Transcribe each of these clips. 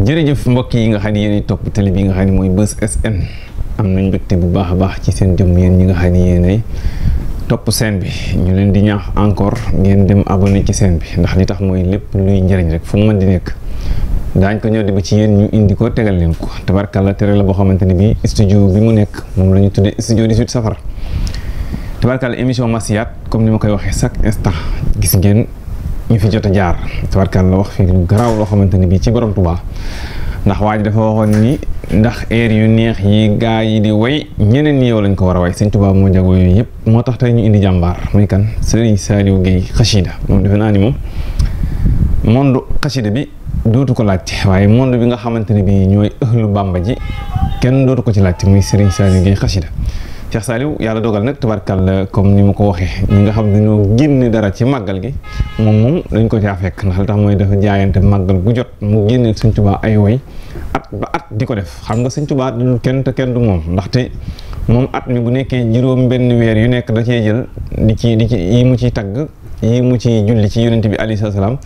jërëjëf mbokk yi nga xam ne yéenay topp télé bi nga xam ne mooy Buzz SN am nañ mbégte bu baax a baax ci seen jëmm yéen ñi nga xam ne yéenay topp seen bi ñu leen di ñaax encore ngeen dem abonné ci seen bi ndax li tax mooy lépp luy njëriñ rek fu mu mën di nekk daañ ko ñëw di ba ci yéen ñu indi ko tegal leen ko tabarkalla tere la boo xamante ne bii studio bi mu nekk moom la ñu tuddee studio 18 safar tabarkalla émission Massiyaat comme ni ma koy waxee chaque instant gis ngeen. ñu fi jot a jaar tabarkàlla wax fi garaaw loo xamante ni bii ci borom Tuubaa ndax waa dafa waxoon ni ndax air yu neex yi gaa yi di way ñeneen ñi lañ ko war a way sëñ Tuubaa moo jagoo yooyu yëpp moo tax tey ñu indi jàmbaar muy kan Serigne Saliou Gueye xasida moom defe naa ni moom monde xasida bi dootu ko laajte waaye monde bi nga xamante ne bii ñooy ëhlu Bàmba ji kenn dootu ko ci laajte muy Serigne Saliou Gueye xasida Cheikh Saliou yàlla dogal nag tubarkal comme ni ma ko waxee ñi nga xam ne ñoo génne dara ci màggal gi moom moom dañ ko caa fekk ndax li tax mooy dafa jaayante màggal gu jot mu génne Sëñ Tuubaa ay woy at ba at di ko def xam nga Sëñ Tuubaa kenn te kenn du moom ndaxte moom at mi bu nekkee juróom benn weer yu nekk da cee jël di ci di ci mu ciy tagg yi mu ciy julli ci yonent bi alayhi salaam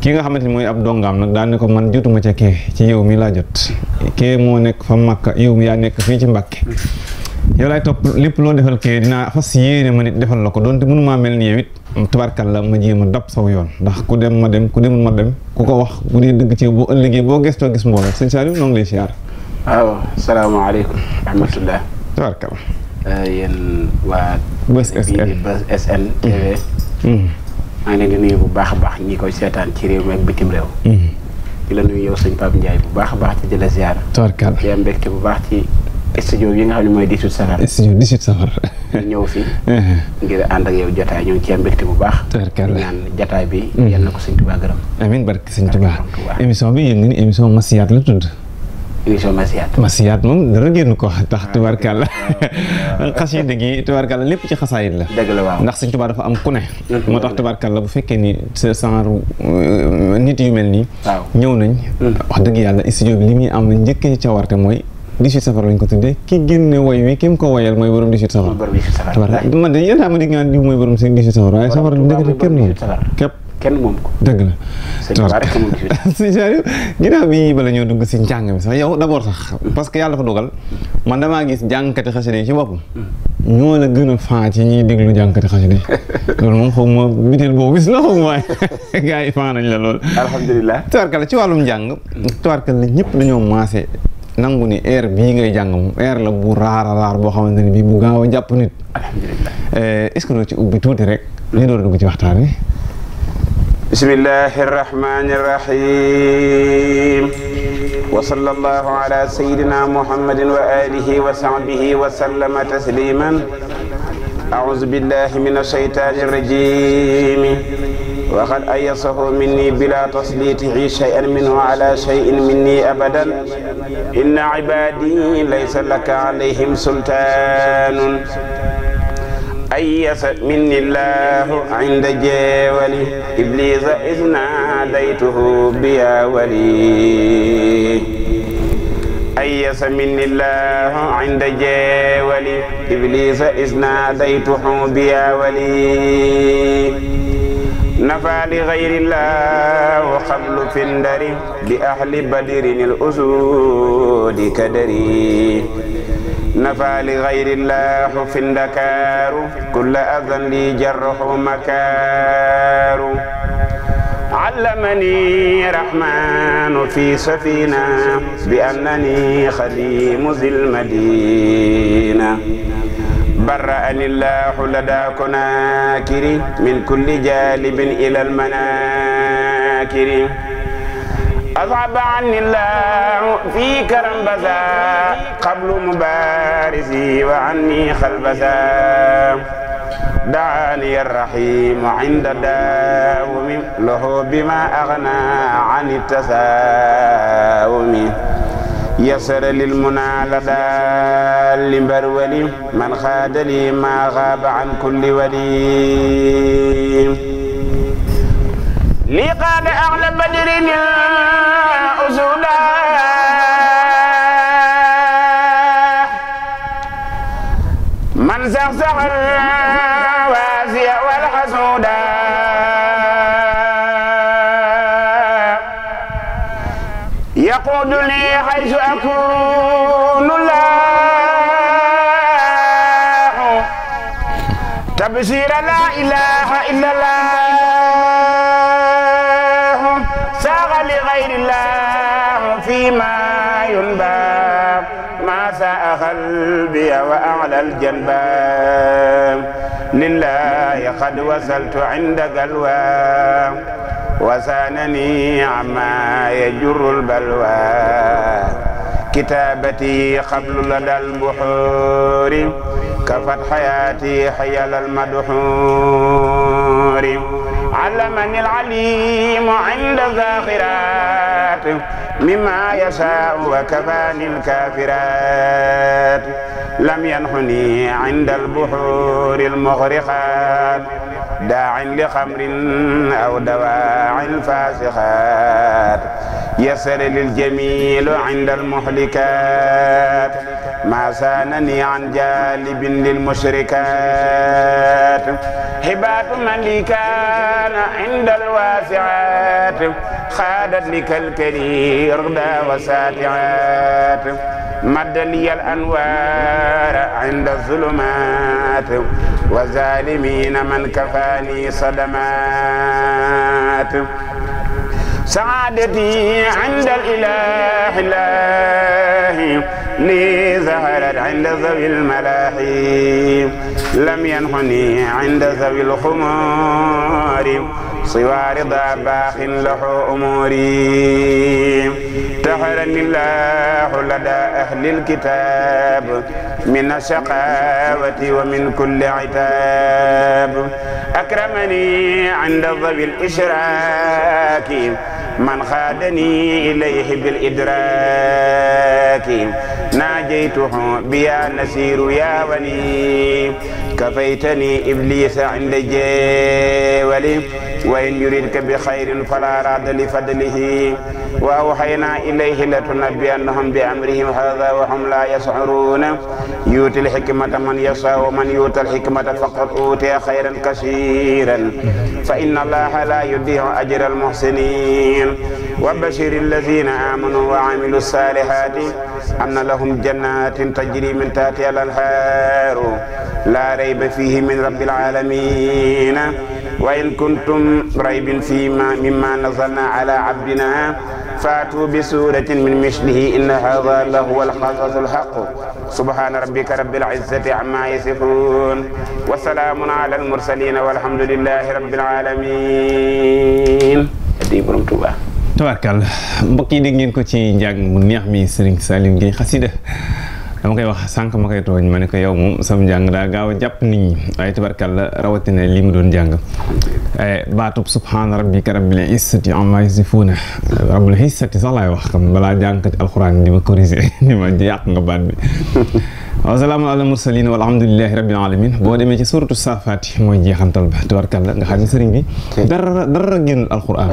ki nga xamante ni mooy ab dongaam nag daal ne ko man jotuma ca kee ci yow mi laa jot moo nekk fa Makka yow mi yaa nekk fii ci yow laay topp lépp loo defal kii dinaa fas yéene ma nit defal la ko donte mënu maa mel ni yow tubaarkal la ma jéem a dab saw yoon ndax ku dem ma dem ku demul ma dem ku ko wax bu dee dëgg ci boo ëllëgee boo gëstoo gis mbooloo sëñ Saliou noo ngi lay siyaar waaw salaamaaleykum rahmatullah tubaarkal euh, yéen waa bés SN TV maa bu baax a baax ñi koy seetaan ci réew mi ak bitim réew mm-hmm. la nuyu yow sëñ Pape bu baax a baax ci di la ziar tubaarkal di bu baax ci studio bi nga xam ne mooy 18 safar. studio 18 safar. ñu ñëw fi. ngir ànd ak yow jotaay ñu ngi ci mbégte bu baax. tubarkalla ñaan jotaay bi. Mm-hmm. yal na ko sëñ Tuubaa gërëm. amiin barke sëñ Tuubaa émission bi yéen ni émission Massiyaat la tudd. émission Massiyaat. Massiyaat moom dara génn ko tax ah, tubarkalla xasida gi tubarkalla lépp ci xasaayit la. dëgg la waaw ndax sëñ Tuubaa dafa am ku ne. Mm-hmm, moo tax mm-hmm. la bu fekkee ni ce genre euh, nit yu mel nii. waaw ñëw nañ. Mm. wax dëgg yàlla studio bi li muy am njëkkee ca warte mooy 18 safar lañ ko tuddee ki génne woy wi ki mu ko woyal mooy borom 18 di nga safar waaye safar bi ndekete kenn moom képp si njàng yow d'abord sax parce que yàlla dafa dogal man damaa gis jàngkati xasida yi ci boppam ñoo la gën a faa ci ñiy déglu jàngkati xasida yi loolu moom xaw ma biteel boobu bis la xaw ma waaye yi faa nañ la lool alhamdulilah tubaarkal la ci wàllum njàng tubaarkal la ñëpp dañoo maase nangu ni air bii ngay jàng moom la bu raara raar boo xamante ni bii bu gaaw a jàpp nit. alhamdulilah eh, est-ce ci ubbi tuuti rek. ñu door a dugg ci waxtaan wi. bismillahi rahmani rahim. wa sallallahu ala sayyidina muhammadin wa alihi wa sahbihi wa sallama tasliman. a'udhu billahi minash shaytanir rajim. وقد أيسه مني بلا تسليطه شيئا منه على شيء مني أبدا إن عبادي ليس لك عليهم سلطان أيس مني الله عند جاول إبليس إذ ناديته بيا ولي أيس مني الله عند جاول إبليس إذ ناديته بيا ولي نفع لغير الله وقبل في الندر بأهل بدر الأسود كدري نفع لغير الله في الدكار كل أذى لي جرح مكار علمني رحمن في سفينة بأنني خديم ذي المدينة برأني الله لدى كناكر من كل جالب إلى المناكر أصعب عني الله في كرم بزا قبل مبارزي وعني خلبزا دعاني الرحيم عند داوم له بما أغنى عن التساوم يسر للمنى لدى المرولي من خاد لي ما غاب عن كل ولي لي قال أغلى بدر أزولا من زغزغ حيث أكون الله تبصير لا إله إلا الله ساغ لغير الله فيما ينبغي ساء قلبي وأعلى الجنبان لله قد وصلت عند قلوى وسانني عما يجر البلوى كتابتي قبل لدى البحور كفت حياتي حيال المدحور علمني العليم عند ذاخرات مما يشاء وكفاني الكافرات لم ينحني عند البحور المغرقات داع لخمر أو دواع فاسخات يسر للجميل عند المحلكات ما سانني عن جالب للمشركات هبات من لي كان عند الواسعات خادت لك الكرير دا وساتعات مد لي الأنوار عند الظلمات وظالمين من كفاني صدمات سعادتي عند الإله الله لي ظهرت عند ذوي الملاحي لم ينحني عند ذوي الخمار سوى رضا باخ له أموري تحرني الله لدى أهل الكتاب من الشقاوة ومن كل عتاب أكرمني عند ذوي الإشراك من خادني إليه بالإدراك ناجيته بيا نسير يا ولي كفيتني إبليس عند جيولي وإن يريدك بخير فلا راد لفضله وأوحينا إليه لتنبئنهم بأمرهم هذا وهم لا يشعرون يؤتي الحكمة من يشاء ومن يؤتى الحكمة فقد أوتي خيرا كثيرا فإن الله لا يضيع أجر المحسنين وبشر الذين آمنوا وعملوا الصالحات أن لهم جنات تجري من تحتها الأنهار لا ريب ريب فيه من رب العالمين وإن كنتم ريب فيما مما نزلنا على عبدنا فاتوا بسورة من مثله إن هذا لهو القصص الحق سبحان ربك رب العزة عما يصفون وسلام على المرسلين والحمد لله رب العالمين adi borom Tuuba tabarkal mbokk yi dégg ngeen ko ci njàng mu neex mi Serigne Saliou Gueye xasida dama koy wax sànq ma koy tooñ ma ne ko yow moom sam njàng daa gaaw a jàpp nit ñi waaye tabarkàlla rawatina li mu doon jàng eh, baatub subhaana rabbika rabbil izzati amma yasifuuna rabbil izzati sax laay wax xam balaa jàngkati alxuraan di ma corriger di ma yàq nga baat bi wa salaamun alal mursaliin walhamdulillahi rabbil alamin boo demee ci suratu saafaat mooy jeexantal ba tubarkalla nga xam ne sëriñ bi dara dara génn alquran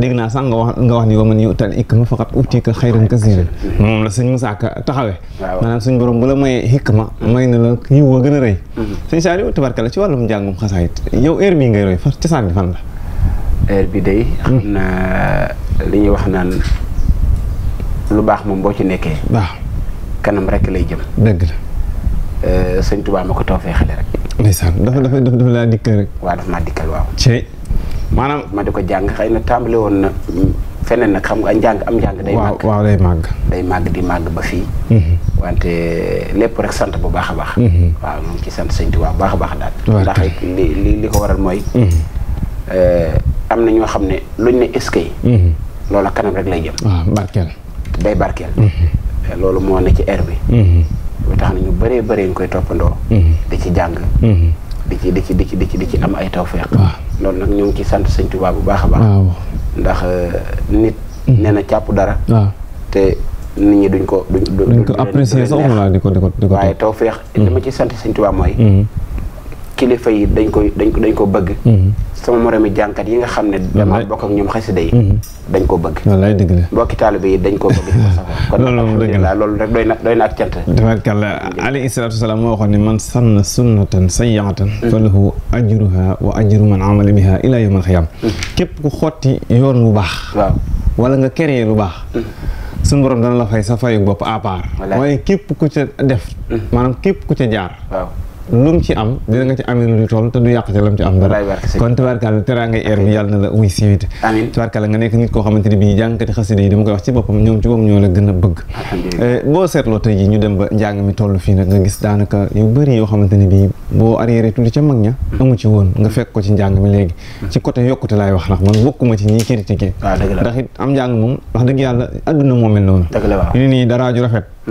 dégg naa sax nga wax nga wax ni wa man yu'tal hikma faqad utiika xayran kasiiran moom la sëñ Musaa Ka taxawee maanaam suñ borom bu la mayee hikma may na la yiw wa gën a rëy mm-hmm. sëñ Saaliw tubarkalla ci wàllum njàngum xasaayit yow heure bii ngay roy fa cosaan fan la heure bi day mm. xam na ñuy wax naan lu baax moom boo ci nekkee waaw kanam rek lay jëm Euh, sëñ Tuubaa ma ko tawfee xale rek. ndeysaan dafa dafa dafa laa dikkal rek. waaw dafa maa dikkal waaw. ci maanaam ma di ko jàng xëy na tàmbale woon na feneen nag xam nga njàng am njàng. day màgg waaw day màgg. day màgg di màgg ba fii. Mhm. wante lépp rek sant bu baax a baax. Mhm. waaw ñu ngi sant sëñ Tuubaa bu baax a baax daal. ndax li li li ko waral mooy. Mhm. Euh, am na ñoo xam ne luñ ne eskay. loola kanam rek lay jëm. barkeel. day barkeel. Euh, loolu moo ne ci air bi. tax na ñu bëree bëree ñu koy toppandoo. Mhm. di ci jàng. Mhm. di ci di ci di ci di ci di ci am ay tawféex. loolu nag ñu ngi ci sant sëñ Tuubaa bu baax a baax. ndax euh, nit. Mhm. nee na càpp dara. te nit ñi duñ ko duñ ko. duñ ko apprécier sax wala di ko di ma ci sant sëñ Tuubaa mooy. kilifa yi dañ ko dañ ko bëgg mhm. sama moromi jànkat yi nga xam ne dama bokk ak ñoom xasida yi mhm. dañ ko bëgg wallaay dëgg la mbokki taalibe yi dañ ko bëgg di ko sax kon alhamdulilah loolu rek doy na doy na ak cant tabaarkalla alayhi salaatu wasalaam sa waxoon ne man sanna sunnatan sayyatan mhm. falahu ajruha wa ajru man amala biha ila yawm alxiyam képp ku xotti yoon bu baax waaw wala nga créé lu baax suñu dana la fay sa fayu bopp à part waaye képp ku ca def maanaam képp ku ca jaar lu mu ci am dina nga ci amee lu toll te du yàq te lu ci am dara kon tabarkalla teraangay air la uy siiwit tabarkalla nga nekk nit koo xamante ne bii jàngkati xasida yi dama koy wax ci boppam ñoom ci boppam ñoo la gën a bëgg eh, boo ñu dem ba njàng mi toll fii nag nga gis daanaka yu bëri yoo xamante ne bii boo arrière tuuti ca mag ña hmm. amu ci woon nga fekk ci njàng mi léegi hmm. ci côté yokkute laay wax ndax man bokkuma ci ñiy critiqué ah, ndax it am wax dëgg yàlla adduna moo mel wax ñu nii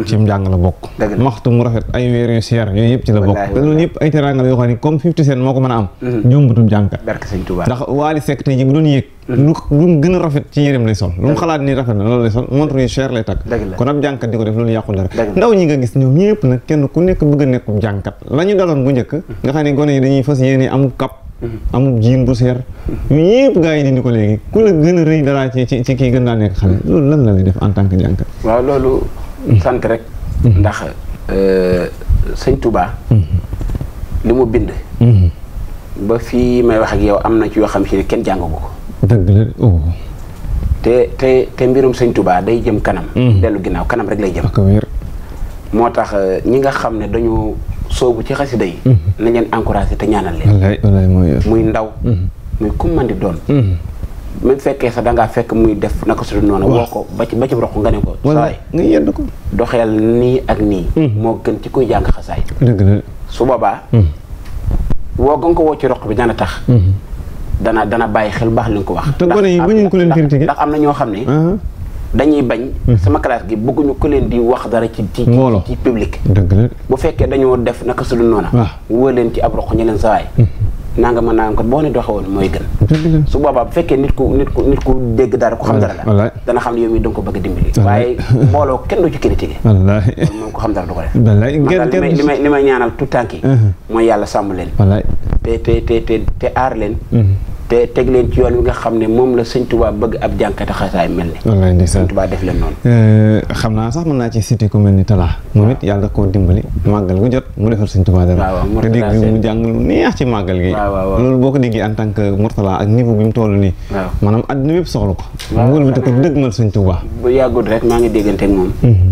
ci njàng la bokk maxtu mu rafet ay weer yu seer yooyu yëpp ci la bokk te loolu yëpp ay teranga ko mën a am mhm. jombutum jàngkat ndax Wally Seck tey ji bu doon yéeg mhm. a rafet ci yérem lay ku a la ñu mhm. yi ko léegi ku la a rëy dara ci ci kii gën daa nekk xale loolu lan la lay def en tant que jàngkat sant rek. Mm-hmm. ndax euh, sëñ Touba. Mm-hmm. li mu bind. Mm-hmm. ba fii may wax ak yow am na ci yoo xam si ne kenn jàngu ko. Oh. te te te mbirum sëñ Touba day jëm kanam. dellu ginnaaw kanam rek lay jëm. moo tax euh, ñi nga xam ne dañu soobu ci xasida yi. nañ leen encouragé te ñaanal leen. muy ndaw. muy ku doon. même fekkee sax dangaa ngaa fekk muy def naka su dul noonu. waaw wax ko ba ci ba ci roq nga ne ko. voilà nga yedd ko. doxeel nii ak nii. Hmm. moo gën ci kuy jàng xasaay. dëgg su boobaa. Hmm. woo gën ko woo ci roq bi dana tax. Hmm. dana dana bàyyi xel baax li ko wax. te gone yi bañuñ ko leen critiquer ndax am na ñoo xam ne. Ah. dañuy bañ. sama classe gi bëgguñu ko leen di wax dara ci ci ci public. dëgg la bu fekkee dañoo def naka su dul noonu. waaw ah. woo leen ci ab roq ñu leen sawaay nanga ma naa ko boo ne doxee woon mooy gën su boobaa bu fekkee nit ku nit ku nit ku dégg dara ku xam dara la dana xam ne yow mii da nga ko bëgg a dimbali waaye mbooloo kenn du ci critiqué wallaahi moom ku xam dara du ko def li may li may ñaanal tout tànk yi uh-huh. mooy yàlla sàmm leen te aar leen uh-huh. te teg leen ci yoon wi nga xam ne moom la sëñ Touba bëgg ab jànkati xasaay mel ni. wallaay ndeysaan sëñ Touba def leen noonu. Eh, xam naa sax mën naa ci cité ku mel ni Talla. moom it yàlla koo dimbali. màggal gu jot mu defal sëñ Touba dara. waaw waaw te dégg mu lu neex ko déggee en tant que Mourtala ak niveau bi toll nii. waaw maanaam àdduna yëpp soxla ko. waaw waaw mu wëlbati ko dëgmal sëñ bu yàggul rek maa ngi déggante ak moom. Mm-hmm.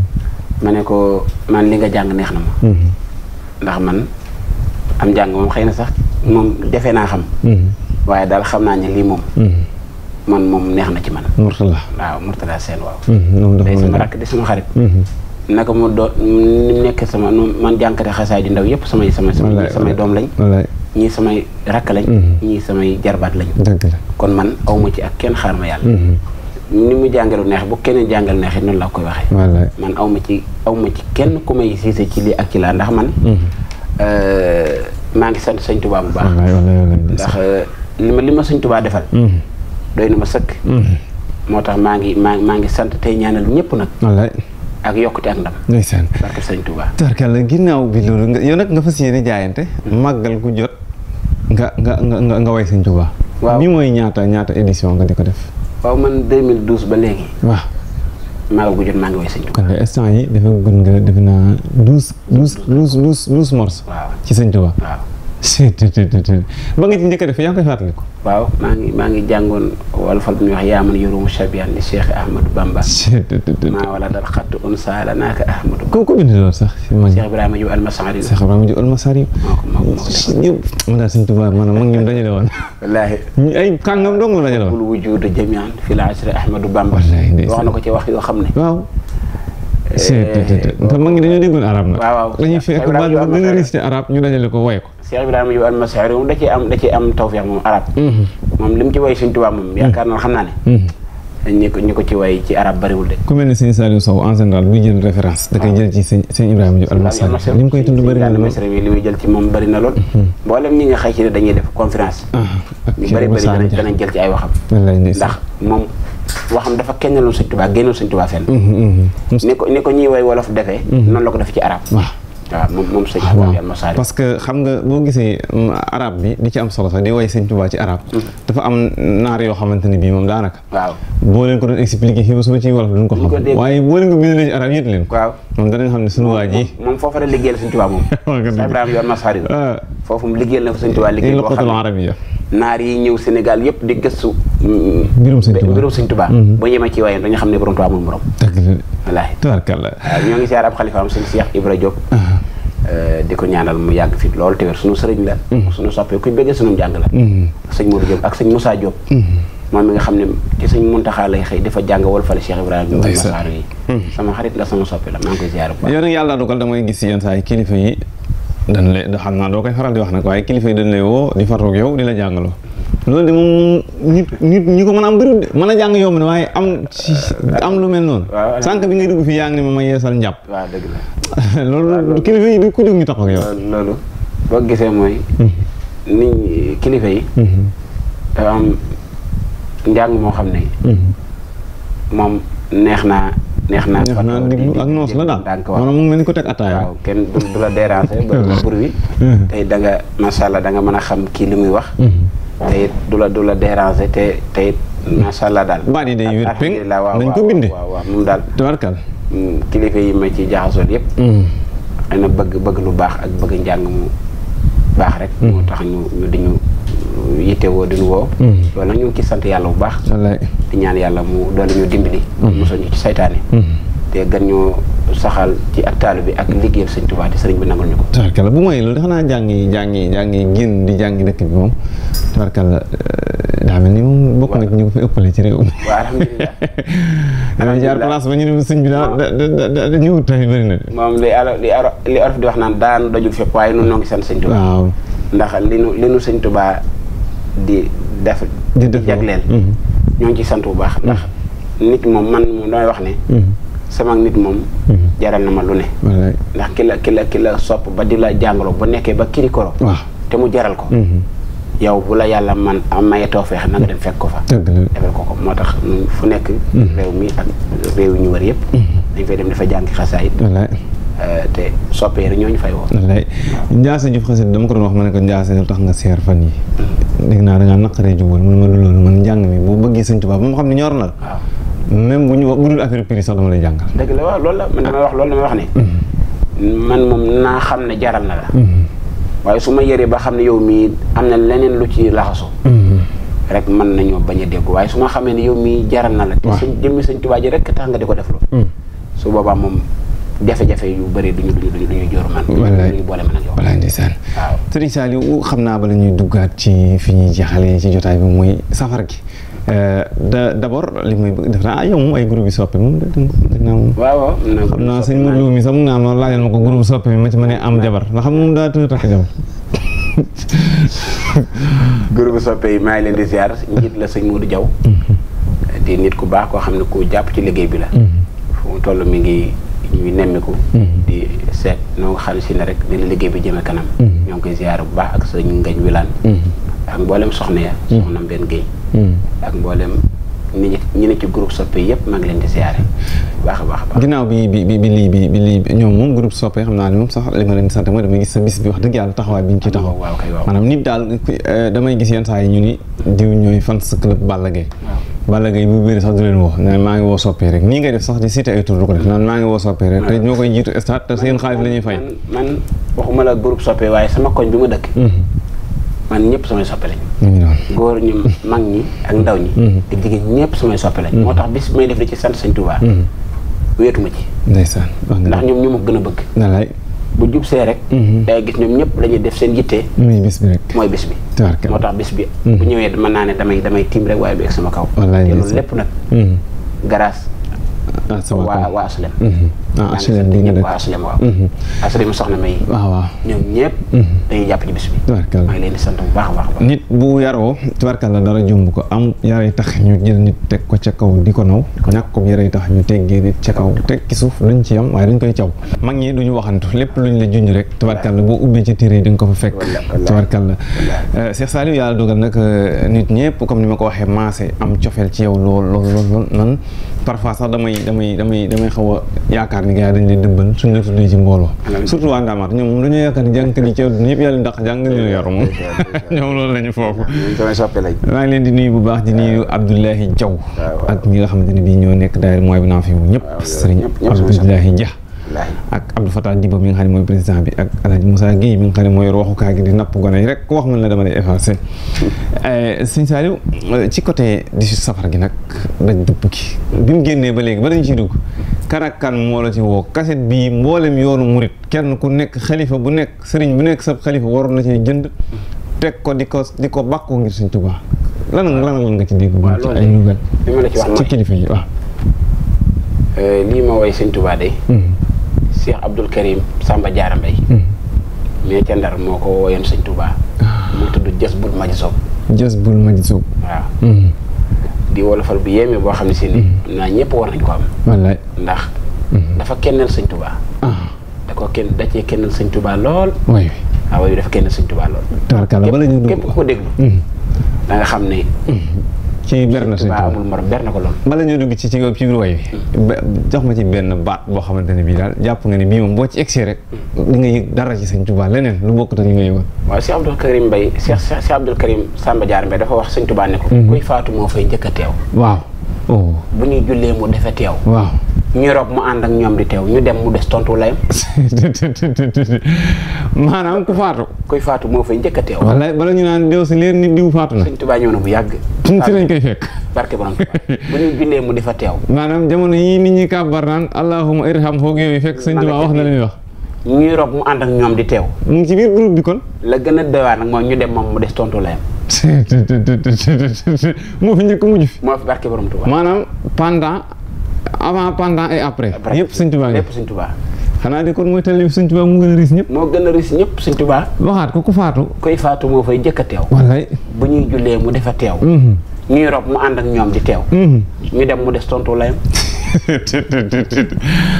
ma ne ko man li nga jàng neex na ma. Mm-hmm. ndax man am jàng moom xëy na sax moom defe naa xam mm-hmm. waaye daal xam naa ne lii moom. Hmm. man moom neex na ci man. Mourtala waaw Mourtala Sène waaw. Hmm, moom dafa sama rakk di sama xarit. Hmm. naka mu doon ni mu nekk sama man jànkate xasaay di ndaw yëpp samay samay. samay samay doom lañ. ñii samay rakk lañ. ñi samay jarbaat lañ. kon man aw ma ci ak kenn xaar ma yàlla. ni mu jàngalu neex bu keneen jàngal neex it noonu laa koy waxee. man aw ma ci aw ci kenn ku may siise ci lii ak ci laa ndax man. Euh, maa ngi sant sëñ Tuubaa bu baax. ndax. Euh, li ma li ma sëñ Tuubaa defal. Mm-hmm. doy na ma sëkk. Mm-hmm. moo tax maa ngi maa maa ngi sant tey ñaanal ñëpp nag. wallaay ak yokkute ak ndam. ndeysaan barke sëñ Tuubaa. tarkalla ginnaaw bi loolu nga yow nag nga fas yéene jaayante. Mm-hmm. màggal ku jot nga nga nga nga way sëñ Tuubaa. waaw bi mooy ñaata ñaata édition nga di ko def. waaw man 2012 ba léegi. waaw. màggal gu jot maa ngi way sëñ Tuubaa. yi dafa gën nga defe naa douze ci sëñ Tuubaa. waaw. si te te te ba nga ci njëkk a def yaa ngi koy fàttaliku. waaw maa ngi maa ngi jàngoon walfal bu ñuy wax yaa man yurumu shabihan li Cheikh Ahmadou Bamba. si te te te maa sax. Cheikh Ibrahima Almasari. Cheikh Ibrahima Diouf Almasari. maa ko maa ko def ñëpp. ma daal suñ tubaab maanaam mag ñun dajale woon. wallaahi. ay kàngam dong la dajale woon. bul wujudu jamian fi la asri Ahmadou Bamba. wallaahi ndeysaan wax na ko ci wax yoo xam ne. waaw. si eh, te te te te maa ngi arab nag. waaw waaw dañuy fekk baal ba gën a ko woy ko Cheikh Ibrahima Yow Almasahir da ciy am da moom arab mu mhm. mhm. jël ci sëñ sëñ na lool li mhm. muy ñi nga xëy ci dañuy def conférence ñu bëri bëri danañ jël ci ay waxam ndax moom waxam dafa kennaloon sëñ Tuubaa génnoon sëñ Tuubaa fenn ni ni ko ñuy way wolof defee noonu la ko def ci arab waaw moom parce que xam nga boo gisee mm, arab bi di ci am solo sax di woy sëñ Tuubaa ci arab mm. dafa am naar yoo xamante ne bii moom daanaka waaw boo leen ko doon expliqué fii ba suba ci wolof duñ ko xam waaye boo leen ko bindee ci arab yëpp leen ne suñu moom ah. naar yi ñëw Sénégal yëpp di gëstu mm, mbirum sëñ Tuubaa mbirum sëñ Tuubaa mm-hmm. boo ñemee ci waaye dañu xam ne borom Tuubaa moom borom wallaahi tabarkalla euh, ñoo ngi siyaar ab xalifaam sëñ Cheikh Ibra Diop euh, di ko ñaanal mu yàgg fit loolu te wér suñu sëriñ la mhm. suñu soppee kuy bëggee suñu njàng la mhm. sëñ Modou Diop ak sëñ Moussa Diop mhm. moom mi nga xam ne ci sëñ Muntaxa lay xëy dafa jàng wal fale Cheikh bi masaar yi sama xarit la sama soppi la maa ngi koy ziar bu baax yow nag yàlla dogal damay gis yenn saa yi kilifa xam naa doo koy faral di wax nag waaye kilifa yi dañ lay woo di fatoog yow di la jàngaloo loolu de moom nit nit ñi ko mën a am bëriwul de mën a jàng yomb na waaye am am lu mel noonu. sànq bi nga dugg fii ne yeesal njàpp. waaw dëgg loolu kilifa yi du ku jóg ñu tax ak yow. loolu boo gisee mooy. Hmm. nit ñi kilifa yi. Hmm. njàng moo xam ne. Hmm. moom neex naa. neex naa déglu ak noos la daal maanaam mu ngi mel ni ko teg ataaya du la déranger. ba pour tey da nga danga mën a xam kii li muy wax. te du la du la déranger te te it macha allah daal. baat yi day wér ping nañ ko bindee waaw waaw moom daal. tubarkal mm, kilifa yi ma ci jaxasoon yëpp. xëy mm. bëgg bëgg lu baax ak bëgg njàng mu baax rek. Mm. moo tax ñu ñu di ñu yitte woo di ñu woo. loolu ñu ngi sant yàlla bu baax. di ñaan yàlla mu doon ñu dimbali. mosoo ñu ci saytaane. te gan ñoo saxal ci ak taalu bi ak liggéeyal sëñ Tuubaa te sëriñ bi nangul ñu ko. tabarkalla bu mooy loolu xanaa jàngi jàngi jàngi génn di jàngi dëkk bi moom tabarkalla euh, daa mel ni moom bokk ñu ko fi ci réew mi. waaw alhamdulilah. dama jaar place ba ñu sëñ bi daa da da da ñëwut li alo li wax naan daan dojul fépp waaye ñun ñoo ngi sant sëñ Tuubaa. waaw ndax li nu li nu di def. di jagleel. ñoo ngi sant bu baax. ndax mm-hmm. nit moom man moom damay wax ne. Mm-hmm. sama nit moom. Mhm. jaral na ma lu ne. ndax ki la ki la sopp ba di la jàngaloo bu nekkee ba kirikoro. te mu jaral ko. Mhm. yow bu la yàlla man maye toofeex na nga dem ko fa. defal ko moo tax fu nekk. Mhm. réew mi ak réew ñu war yëpp. dañ fay dem dafa jàng xasaayit. Euh, te soppee rek ñooñu fay woo. wallaay Ndiassé Diouf xasaayit dama ko doon wax ma ne ko Ndiassé tax nga seer fan yi mm. dégg naa da ngaa naqaree jubal man ma loolu man njàng mi boo bëggee Sëñ Tuubaa ba mu xam ne ñor na même bu ñu wax bu dul affaire prix sax dama lay jàngal. dëgg la waaw loolu la man damay wax loolu damay wax mm-hmm. man moom naa xam ne jaral na la. Mm-hmm. waaye su ma yëree ba xam ne yow mii am na leneen lu ci laxasu. Mm-hmm. rek mën nañoo bañ a dégg waaye su ma xamee ne yow mii jaral na la. te suñ jëmmi sëñ Tuubaa ji rek tax ko def loolu. Mm. su boobaa moom jafe-jafe yu bëri duñu duñu duñu jóor man. walaay duñu boole man ak yow. walaay ndeysaan. waaw xam naa bala ñuy duggaat ci fi ñuy jeexalee ci jotaay bi mooy safar gi. Euh, d' abord li muy def naa ah, yow moom ay groupe soppe moom def naa waaw xam naa sëñ Modou mi sax mun naa ma laajal ma ko groupe soppe ma ci mën a am jabar ndax xam moom daa tën a jabar. groupe soppe yi maa ngi leen di ziar njiit la sëñ Modou Diaw. Mhm. di nit ku baax koo xam ne ku jàpp ci liggéey bi la. Mhm. fu mu mi ngi ñuy nemmiku. Mhm. di seet noo xam si ne rek dina liggéey bi jëme kanam. ñoo koy ziar bu baax ak sëñ Ngañ Wilane. ak mboolem soxna ya. soxna Mbène Guèye. Mm. ak mboolem ñi ñu ñi ne ci groupe soppe yëpp maa leen di a baax a baax. ginnaaw bi bi bi lii bi bi lii ñoom moom groupe soppe xam naa ne moom sax li ma leen di sant mooy damay gis sa bis bi wax dëgg yàlla taxawaay bi ñu ci taxaw. Ah, waaw kay waaw maanaam daal eh, damay gis yenn saa yi ñu ni diw ñooy fan club Balla Gaye. Balla Gaye bu bëri sax du leen woo ne maa ngi woo soppee rek nii ngay def sax di cité ay tur du naan maa ngi woo soppee rek te ñoo koy jiitu stade te seen xaalis la ñuy fay. man waxuma groupe soppe waaye sama koñ bi ma dëkk mm-hmm. man ñëpp samay soppe lañ góor ñu mag ñi ak ndaw ñi mm-hmm. ak jigéen ñëpp samay soppe lañ mm-hmm. moo tax bis may def di ci sant Sëñ Tuubaa mm-hmm. wéetuma ci ñu ma gën a bëgg bu jub see rek day gis ñoom ñëpp dañuy def seen yitte mooy bis bi rek mooy bis bi moo tax bis bi bu ñëwee mën naa ne damay damay tiim rek waaye bi ak sama kaw te loolu lépp nag grâce Ah, waa waa HLM. Mhm. ah HLM mhm. ah, mhm. bu baax a nit bu yaroo la dara jumb ko am yaray tax ñu jël nit teg ko ca kaw di ko naw ñàkk ko yaray tax ñu teggee nit ca kaw teg ci suuf luñ ci yam waaye dañ koy caw. mag ñi duñu waxantu lépp luñ la junj rek la boo ubbee ci téere yi di nga ko fa fekk. la eh, Cheikh Saliou yàlla dogal nag eh, nit ñëpp comme ni ma ko waxee maase am cofeel ci yow lool lool lool man parfois sax damay damay damay damay xaw a yaakaar ni gars yi dañ leen dëbbal suñu la tuddee ci mbooloo surtout waa Ndamaat ñoom moom dañoo yaakaar ni jàngkat yi ci àdduna yëpp yàlla ndax jàng nañu yaru moom ñoom loolu lañu foofu maa leen di nuyu bu baax di nuyu Abdoulahi Diaw ak ñi nga xamante ne bii ñoo nekk daayira mooy bi naa fi ñëpp sëriñ Abdoulahi Dia ak Abdou Fatah Diba mi nga ne mooy président bi ak Alhaji Moussa Guèye mi nga mooy waxukaay gi di napp gone yi rek ku wax mën la dama lay effacé eh, sëñ Saliou ci côté di si safar gi nag daj dëpp gi bi mu génnee ba léegi ba dañ ciy dugg kan kan moo la ci woo kaset bii mboolem yoonu murit kenn ku nekk xalifa bu nekk sëriñ bu nekk sab xalifa waroon na cee jënd teg ko di ko di ko bàkkoo ngir sëñ Tuubaa lan lan lan nga ci dégg bu ci ay nugal ci kilifa yi waaw eh, lii ma way sëñ Tuubaa de mm-hmm. Cheikh Abdoul Karim Samba Diarra Mbaye hmm. mais ca Ndar moo ko woyoon sëñ Touba. Ah. mu tudd Jës bul Majzob. Jës bul Majzob. waaw. Hmm. di wolofal bu yéeme boo xam ne si ni. Hmm. naa ñëpp war nañ ko am. wallaay ndax. dafa kennel sëñ Touba. Ah. da ko kenn da cee kennel sëñ Touba lool. oui ah, waaw dafa kennel sëñ Touba lool. tarkala bala ñu képp ku ko déglu. da xam ne. ci ber na Sëriñ Tuubaa amul ma ber na ko lool. bala ñoo dugg ci ci ci biir way bi jox ma ci benn baat boo xamante ne bii daal jàpp nga ne bii moom boo ci egg rek. Hmm. di nga yëg dara ci Sëriñ Tuubaa leneen lu bokk ak li nga yëgoon. waaw Cheikh Abdoul Karim Mbaye Cheikh Cheikh Abdoul Karim Samba Diar Mbaye dafa wax Sëriñ Tuubaa ne ko. Hmm. kuy faatu moo fay jëkk teew. waaw. Oh. bu ñuy jullee mu defe teew. waaw. ñuy rob mu ànd ak ñoom di teew ñu dem mu des tontu layam maanaam ku faatu kuy faatu moo fay njëkk a teew wala ñu naan na sëñ Tuubaa ñëw na bu yàgg si lañ koy fekk barke borom bu ñu bindee mu di yii nit ñi kàbbar naan fekk wax na li muy wax ñoom di teew mu ngi ci bi kon la gën a ñu dem moom mu des tontu layam moo fi njëkk mujj fi moo fi barke maanaam pendant avant pendant et après. yëpp sëñ Tuubaa yëpp xanaa de kon mooy tali bi mu gën a riis ñëpp. moo gën a riis ñëpp sëñ Tuubaa. waxaat ko faatu. koy faatu moo fay jëkk a teew. wallaay bu ñuy jullee mu defa teew. Mhm. ñuy rob mu ànd ak ñoom di teew. Mhm. ñu dem mu des tontu layam.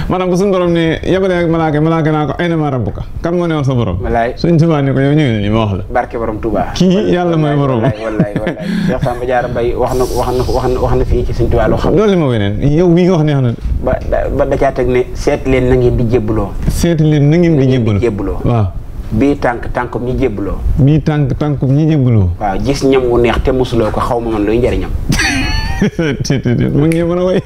maanaam bu suñu borom ne yabale ak malaaka malaaka naa ko ay na ma rabbuka kan moo ne woon sa borom suñ tubaa ne ko yow ñëwee nañu ma wax la barke borom tubaa kii yàlla mooy borom wallaay wallaay Cheikh Samba Diarra Mbaye wax na wax na wax na wax na fii ci suñ tubaa loo xam loolu ma weneen yow wi nga wax neex na ba ba da caa teg ne seet leen na ngeen di jébbaloo seet leen na ngeen di jébbaloo waaw bii tànk tànk tànkum ñi jébbaloo bii tànk tànkum ñi jébbaloo waaw gis ñam wu neex te mosuloo ko xaw ma man luy njariñam mu ngi mën a way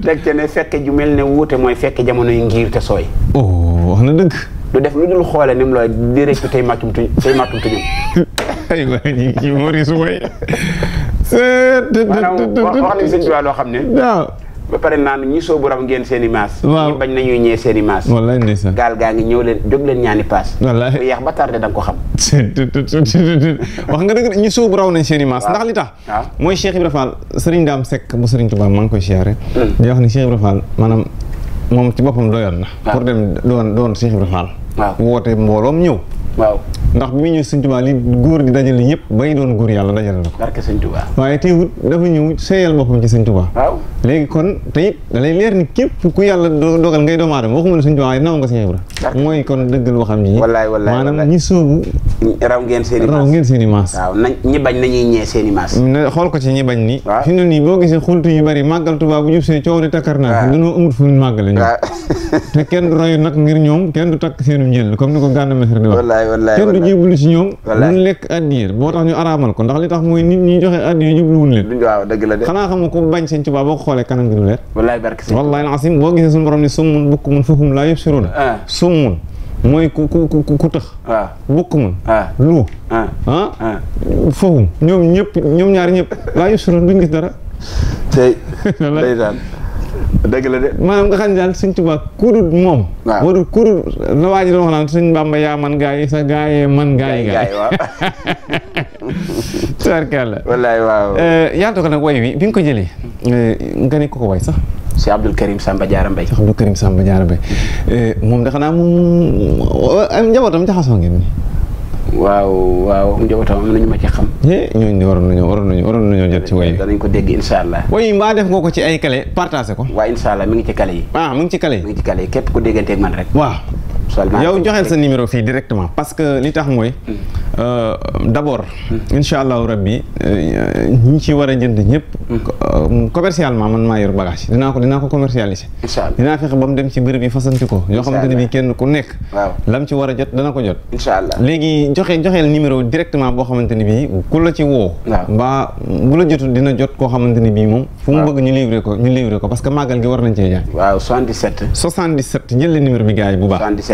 teg ca ne fekk ju mel ne wuute mooy fekk jamono yi ngir te sooy oh wax dëgg du def lu dul xoole ni mu looy di rëccu tey màccum tuñ tey màccum tuñum ay waay ñi kii moo riis way maanaam wax nañ sëñ bi loo xam ne waaw ba pare naan ñi soobu raw ngeen seen i maas ñi bañ nañuy ñee seen i maas wallaay ndeysaan gaal gaa ngi ñëw leen jóg leen ñaani paas wallaay wax nga dëgg ñi soobu raw nañ seen i maas ndax li tax mooy Cheikh Ibra Fall Serigne Dame Seck mu Serigne Touba koy siyaare mm. day wax ni Cheikh Ibra Fall maanaam moom ci boppam doyoon na pour dem doon doon Cheikh Ibra Fall woote mbooloom ñëw ndax bi muy ñëw sëñ Tuubaa li góor di dajale yëpp bay doon góor yàlla dajale na ko. barke sëñ Tuubaa. dafa ñëw seeyal boppam ci sëñ Tuubaa. léegi kon te it da lay leer ni képp ku yàlla dogal ngay doomu aadama waxuma ne sëñ Tuubaa naw nga sëñ ñee seen i ko ci ñi bañ ni. waaw fi mu ne nii boo gisee xultu yu bari màggal Tuubaa ko gànn mesre di wax. ñu jublu ci ñoom duñ lekk addiya moo tax ñu araamal ko ndax li tax mooy nit ñi joxe addiya jubluwuñ leen waaw dëgg la de ko bañ seen Tuubaa boo ko xoolee kanam gi du leer wallaay barke wallaay asim boo gisee suñu borom ni summun bukkumun fahum laa yubsiruun ah. summun mooy ku ku ku ku tëx waaw ah. bukkumun ah. lu ah fahum ñoom ñëpp ñoom ñaari ñëpp laa yubsiruun ñu gis dara tey dëgg la de maanaam nga xam ne daal sëñ Tuubaa kudul moom wadul kudul la waaji doon wax man nga yi sa gaa yee man gaa yi gaa yi waaw tubarkàlla wallaay waaw yàlla wi bi nga ko jëlee nga ne ko ko woy sax si Abdul Karim Samba Diarra Mbaye Abdul Karim Samba Diarra Mbaye moom da xanaa moom njabootam jaxasoo ngeen ni waaw waaw njabootam o nañu ma ci xam. Eh, ñooñu waroon nañoo waroon nañoo waroon nañoo jot ci way yi. danañ ko dégg incha allah. way yi mbaa def nga ko ci ay kale partagé ko. waaw incha allah ngi ci kale yi. ah ngi ci kale yi. mi ngi ci kale man rek. waaw. seulement yow joxeel sa numéro fii directement parce que li tax mooy hmm. euh, d'abord hmm. insha allahu rabbi euh, ñi ci war a jënd ñëpp hmm. euh, commercialement man maa yor bagage dinaa ko dinaa ko commercialiser fexe ba mu dem ci bërëb yi fasanti ko yoo xamante ne kenn ku nekk lam ci jot dana ko jot insha allah léegi joxe joxeel numéro directement boo xamante ne bii ku la ci woo mbaa bu la jotul dina jot koo xamante ne moom fu mu bëgg ñu livrer ko ko parce que màggal gi war nañ cee jaay waaw 77 jël numéro bi gars yi bu baax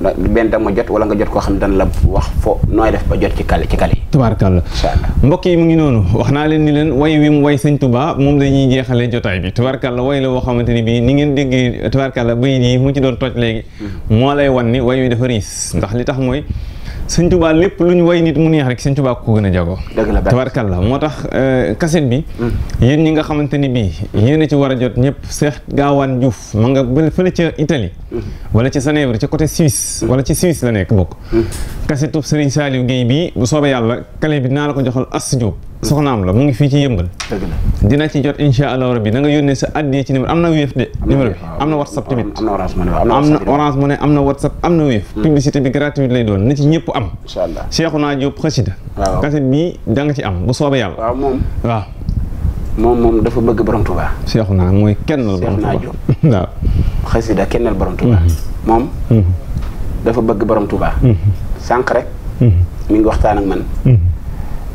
benn dama jot wala nga jot koo xam ne dana la wax fo nooy def ba jot ci kale ci kale yi tubaarkàlla mbokk yi mu ngi noonu wax naa leen ni leen way wi mu way sëñ Touba moom dañuy jeexale jotaay bi tubaarkàlla way la woo xamante ni bii ni ngeen déggee tubaarkàlla bay yi mu ci doon toj léegi mm. moo lay wan ni way wi dafa riis ndax li tax mooy sëñ Tuubaa lépp lu ñu way nit mu neex rek sëñ Tuubaa ko gën a jagoo tabarkalla moo tax kaset euh, bi hmm. yéen ñi nga xamante ni bii yéen a ci war a jot ñëpp Cheikh Gaawaan Diouf ma nga fële ca Italie hmm. wala ci Sanèvre ci côté Suisse hmm. wala ci Suisse la nekk bokk kasetu Sëriñ Saaliw Géey bii bu soobee yàlla kale bi naa la ko joxal as Jóob soxnaam la mu ngi fii ci yëmbal dina ci jot incha allahu rabi na nga yónnee sa addiye ci numéro am na wéef de numéro bi am ah, na whatsapp tamit am na orange mu ne am na whatsapp am na wéef hmm. publicité bi gratuite lay doon na ci ñëpp am Cheikhouna Diop xasida kaset bii da nga ci am bu soobee yàlla waaw moom waaw moom moom dafa bëgg borom Touba naa mooy kenn kennal borom Touba waaw xasida kennal borom Touba moom hmm. dafa bëgg borom tubaa hmm. sànq rek mi ngi waxtaan ak man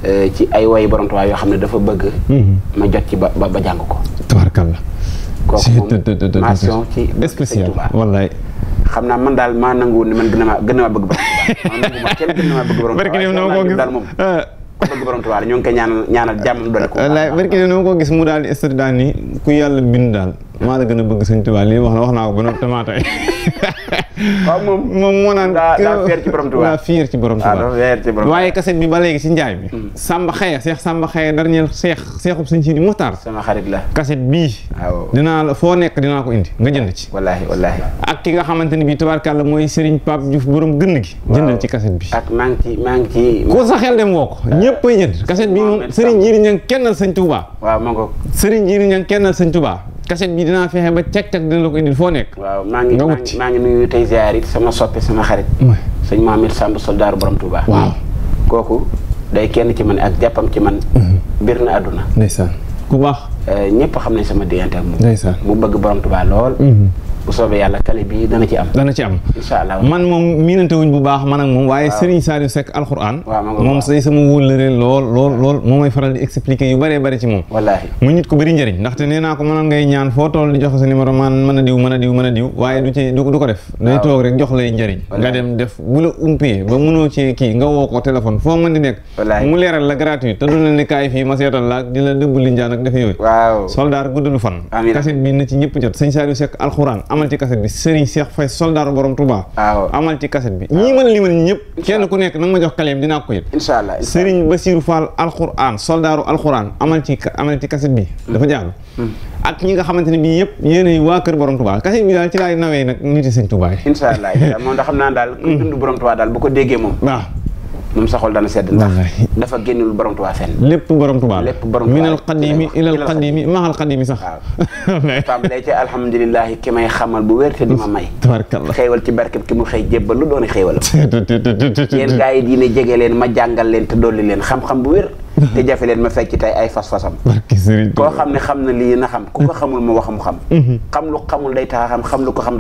Euh, ci ay way borom yoo xam ne dafa bëgg. Mhm. ma jot ci ba ba jàng ko. tabarkalla. kooku moom mention ci. spécial wallaay. xam naa man daal maa nangu woon man gën a a bëgg borom Tuubaa maa nangu ma a ma bëgg borom ah. ñoo ngi koy ñaanal ñaanal jàmm doole ko. wallaay barki ne ma ko gis mu daal di daal ni ku yàlla bind daal. maa la gën a bëgg sëñ Tuubaa lii wax na wax naa ko ba noppi tamit tey. waaw moom moom moo naan. daa daa fier ci borom Tuubaa ah, daa waaye kaset bi ba léegi si njaay bi. Mm. Samba Xaye Seex Samba Xaye dernier seex seexub sëñ Sidi Muxtaar. sama xarit la. kaset bii. waaw dinaa la foo nekk dinaa ko indi nga jënd ci. wallaahi wallaahi. ak ki nga xamante ne bii tabaarkàlla mooy Serigne Pape Diouf borom gën gi. jëndal ci kaset bi. ak maa ngi maa ngi ci. ku sa xel dem woo ko ñëpp ay jënd kaset bi moom Serigne Jiri Ñang kennal sëñ Tuubaa. waaw maa ngi ko. Serigne Jiri Ñang kennal sëñ Tuubaa kaset bi dinaa fexe ba teg teg dina la ko indil foo nekk. waaw maa ngi maa ngi nuyu tey ziar it sama soppe sama xarit. sëñ Mohamed Samb soldaaru borom Touba. waaw kooku day kenn ci man ak jàppam ci man. Mhm. bir na àdduna. ndeysaan ku baax. Eh, ñëpp xam ne sama diggante ak moom. mu bëgg borom Touba lool. Mhm. bu soobee yàlla kale bi dana ci am. dana ci am incha allah man moom miinante wuñ bu baax man ak moom. waaye Serigne Saliou Seck alxuraan. moom say sama wóllëre lool lool lool moo may faral di expliquer yu bëree bëri ci moom. wallaahi mu nit ku bëri njëriñ ndaxte nee naa ko mënoon ngay ñaan foo toll di jox sa numéro man mën a diw mën a diw mën a diw waaye du ci du ko def. day toog rek jox lay njëriñ. nga dem def bu la umpee ba mënoo ci kii nga woo ko téléphone foo mën di nekk. mu leeral la gratuit te du la ne kaay fii ma seetal la di amal ci kaset bi Serigne Cheikh Faye soldaar borom Touba. amal ci kaset bi ñii mën a limal ñëpp. kenn ku nekk na nga ma jox kaleem dinaa ko yëg. incha allah Serigne Bassirou Fall alquran soldaaru alquran amal ci amal ci kaset bi. Hmm. dafa jaadu. Hmm. ak ñi nga xamante ne bii yëpp yéenay waa kër borom Touba kaset bi daal ci laay nawee nag nit yi sëñ Touba yi. incha allah moom da xam naa daal. ku dund borom Touba daal bu ko déggee moom. waaw. moom sa xol dana sedd ndax dafa génnul borom Tuubaa fenn lépp borom Tuubaa lépp borom Tuubaa minal qadimi ilal qadimi maxal qadimi sax waaw tàmbalee ci alhamdulilahi ki may xamal bu wér te di ma may tabaarakallah xéewal ci barkeb ki mu xëy jébbal lu doon xéewal yéen gaa yi diine jege leen ma jàngal leen te dolli leen xam-xam bu wér te jafe leen ma fekk tey ay fas-fasam koo xam ne xam na lii na xam ku xamul mu wax xam mhm. xam lu xamul day tax a xam xam lu ko xam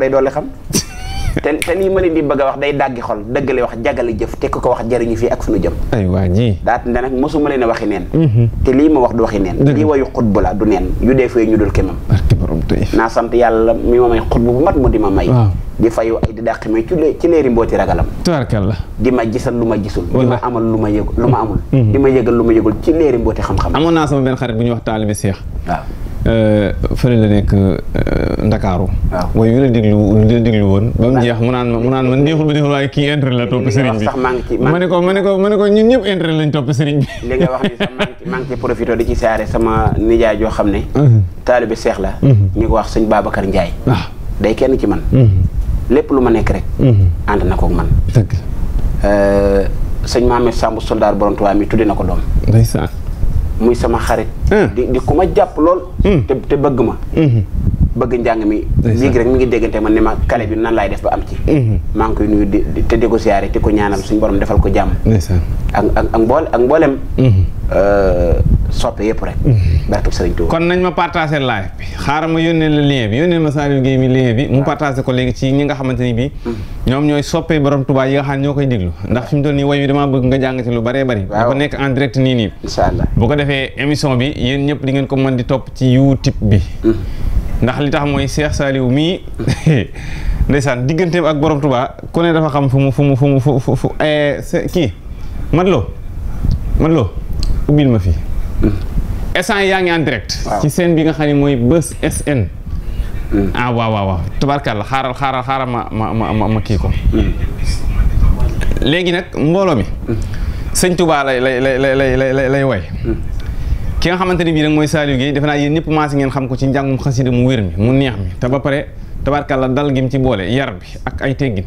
day doole a te te lii ma leen di bëgg a wax day dàggi xol dëggale wax jagale jëf te ku ko wax jëriñu fii ak fu nu jëm ay waa ñii daat ne nag mosuma leen a waxi neen mhm. te lii ma wax du waxi neen lii wayu xutbu la du neen yu dee fee ñu dul kemam naa lu ma gisul di ma amal lu ma yëg lu ma mhm. naa sama benn xarit bu ñuy wax taalibe Seex waaw Euh, fële la nekk euh, Ndakaaru. waaw mooy yu la déglu woon. ba mu jeex mu naan ma mu naan ma neexul ba neexul waaye kii intérêt la topp sëriñ bi. ma ne ko ma ne ko ma ne ko topp sëriñ bi. li nga wax ni sax maa ci saare sama nijaay joo xam ne. taalibe seex la. ñu ko wax sëñ Babacar ah. day kenn ci man. lépp lu ma nekk rek. ànd na koog man. dëgg la. Euh, sëñ Maame Samb soldaar borom Tuubaa mi tudde na ko doom. muy sama xarit. Hmm. di di ma jàpp lool. Hmm. te te bëgg ma. Hmm. bëgg njàng mi. léegi rek mi ngi déggante man ne ma kale bi nan laay def ba am ci. maa ngi koy nuyu di te di ko siyaare te ko ñaanal suñu borom defal ko jàmm. a ak ak mboolem. Euh, soppe yëpp rek. Mhm. barke Sëriñ kon nañ ma partagé live bi xaaral ma yónnee la lien bi yónnee ma Saliou Guèye mi lien bi mu partagé ko léegi ci ñi nga xamante ni bii. Mhm. ñoom ñooy soppe borom tubaa yi xam ne ñoo koy déglu ndax fi mu toll nii way wi damaa bëgg nga jàng ci lu bëree bëri. waaw dafa nekk en direct nii nii. incha allah bu ko defee émission bi yéen ñëpp di ngeen ko mën di topp ci YouTube bi. Mhm. ndax li tax mooy Cheikh Saliou mii ndeysaan digganteem ak borom tubaa ku ne dafa xam fu mu fu mu fu mu fu fu eh, kii Madlo Madlo ubbil ma fi. instant mm. yaa ngi ci seen bi nga xam ne mooy Buzz SN. Mm. ah waaw waaw waaw tubarkàlla xaaral xaaral xaaral ma ma ma kii ko. Mm. léegi nag mbooloo mi. sëñ Touba lay lay lay lay lay lay way. ki nga xamante ni bii nag mooy Saliou Guèye defe naa yéen ñëpp maas ngeen xam ko ci njàngum xasida mu wér mi mu neex mi te ba pare la dal gi mu ci boole yar bi ak ay teggin.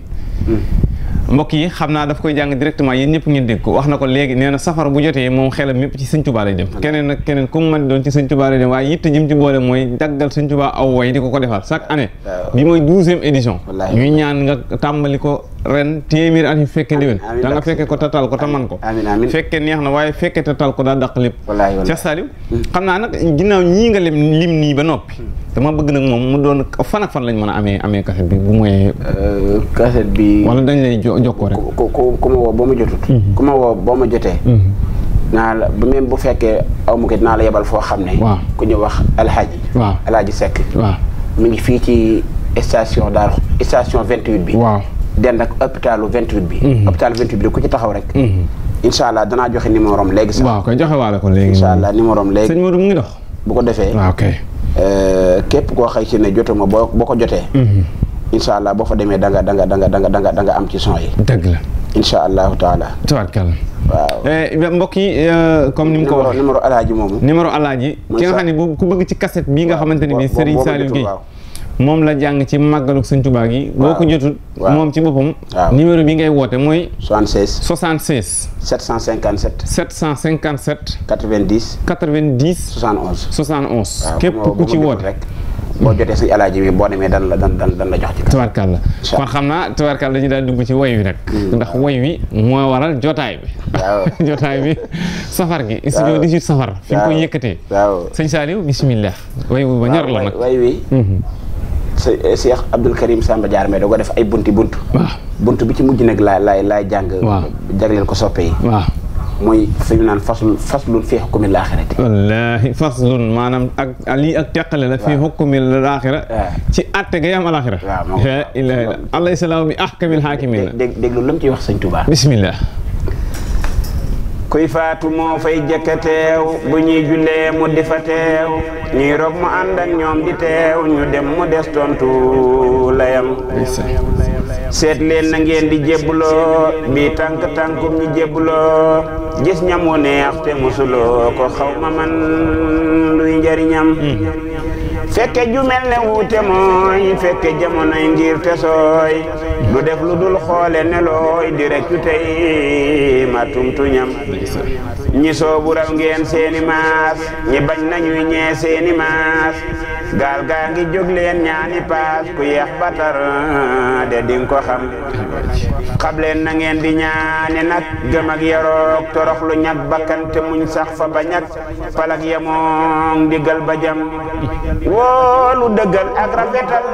mbokk yi xam naa daf koy jàng directement yéen ñëpp ngeen dégg ko wax na ko léegi nee na safar bu jotee moom xelam yëpp ci sëñ Tuubaa lay keneen nag man doon ci sëñ Tuubaa lay dem waaye yitte jëm ci boole mooy daggal sëñ Tuubaa aw way ko ko defal chaque année bi mooy douzième édition ñuy ñaan nga ko ren téeméer at yu fekke déwén da nga fekke ko tatal ko taman ko fekke neex na waaye fekke tatal ko daa dàq lépp Cheikh Saliou hmm. xam naa nag ginnaaw ñii nga lem lim nii ba noppi hmm. dama bëgg nag moom mu doon fan ak fan lañ mën a amee amee bi bu moyee euh, kaset bi wala dañ lay jokkoo rek ku ku ma woo boo ma jotut ku ma woo boo hmm. ma jotee naa la ba bu fekkee aw mu ko naa la yebal foo xam ne ku ñu wax alhaaji alhaaji Seck waaw mu ngi fii ci station daar station vingt-huit bi waaw den ak hôpitalu 28 bi. Mhm. hôpitalu 28 bi ku ci taxaw rek. Mhm. incha allah danaa joxe numéro am léegi sax. waaw kon joxe ko léegi. incha allah numéro am léegi sëñ Modou mu ngi dox. bu ko defee. waaw ok. Euh, képp koo xëy si ne jotuma boo boo ko jotee. Mhm. incha allah boo fa demee da nga da nga da da nga da am ci son yi. dëgg la. incha allahu taala. tabarkalla. waaw eh, mbokk yi euh, comme ni mu ko waxee. numéro numéro alaaji moomu. numéro alaaji. ki nga xam ne ku bëgg ci cassette bii nga xamante ne bii Serigne Saliou moom la jàng ci màggaluk Sëñ Tuubaa gi. boo ko jotul moom ci boppam. numéro bi ngay woote mooy. 76 76. 757. 757. 90. 90. 71. 71. képp ku ci woote. boo jotee sëñ alaaji bi boo demee dan la dan dan la jox ci tabarkàlla kon xam naa tabarkàlla dañuy daal dugg ci woy wi nag hmm. ndax woy wi mooy waral jotaay bi jotaay bi safar gi studio 18 safar fi nga ko yëkkatee waaw bismillah woy wi ba ñor la nag woy wi hmm. Eh, Cheikh Abdoul Karim Samba Diar mais da ko def ay bunti bunt bunt bi ci mujj nag laa laay laay jàng jagleel ko soppe yi waaw mooy fi ñu naan faslun faslun fii xukumi laaxirati wallaahi faslun maanaam ak lii ak teqale la fii xukumi laaxira ci atte ga yam alaaxira waaw ilaa allah isalaamu bi ahkamil haakimiin dégg loolu la mu ciy wax sëñ Tuubaa bismillah kuy faatu moo fay jëkka bu ñuy jullee mu di fa teew ñuy rog mu ànd ak ñoom di teew ñu dem mu des tontu layam seet leen na ngeen di jébbuloo bi tànk tànkum ñi jébbuloo gis ñam wu te musuloo ko xaw man luy njariñam fekke ju mel ne wuute mooy fekke jamonoy ngir te sooy du def lu dul xoole ne looy di reccu tey ma tumtuñam ñi soobu raw ngeen seeni maas ñi bañ nañuy ñee seeni maas gaal gaa ngi jóg leen ñaani paas ku yeex batar de ding ko xam xam leen di ñaani nag gëm ak yaroog torox lu ñag muñ sax fa ba ñag palak yemoong diggal ba jam woolu dëggal ak rafetal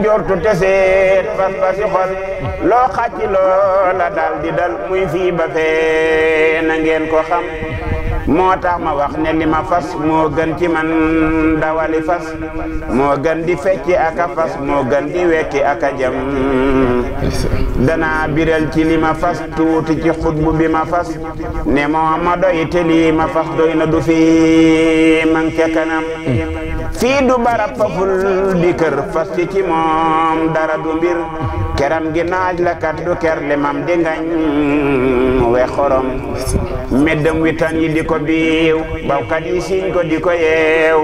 njortu te seet fas fasi xol loo xàcci loola daal di dal muy fii ba fee na ngeen ko xam moo tax ma wax ne li fas moo gën ci man dawali fas moo di fecci ak a fas moo gën di wekki ak a jëm danaa biral ci li ma fas tuuti ci xutbu bi ma fas ne moo ma doy te lii ma fas doy du fi man ca fii du barab faful di kër ci moom dara du mbir keram gi naaj la kat du ker limam di ngañ we xorom meddam witan yi di ko biiw bawkat yi siiñ ko di ko yeew